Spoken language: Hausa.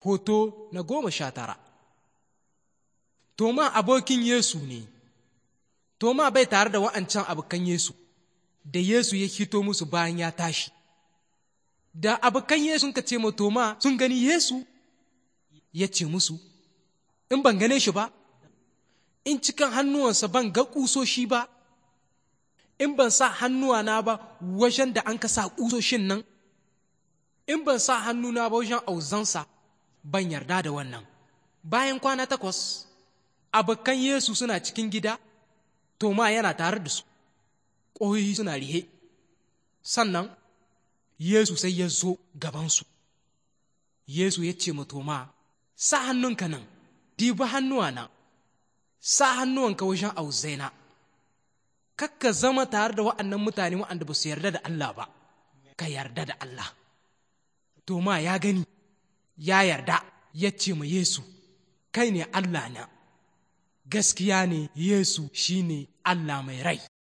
hoto na goma sha tara toma abokin yesu ne toma bai tare da wa'ancan abokan yesu da yesu ya hito musu bayan ya tashi da abokan yesu ka ce ma toma sun gani yesu ya ce musu in ban gane shi ba in cikin hannuwansa ban ga ƙusoshi ba in ban sa hannuwa na ba wajen da an ka sa ƙusoshin nan in ban sa hannuna ba wajen auzansa ban yarda da wannan bayan kwana takwas abokan yesu suna cikin gida toma yana tare da su ƙoyoyi suna rihe sannan yesu sai ya zo gabansu yesu ya ce ma toma sa hannunka nan dibi hannuwana sa hannuwanka wajen auzaina kakka zama tare da wa'annan mutane wa'anda ba su yarda da Allah ba ka yarda da Allah toma ya gani ya yarda ya ce ma Yesu, kai ne Allah na, gaskiya ne Yesu shi ne Allah mai rai.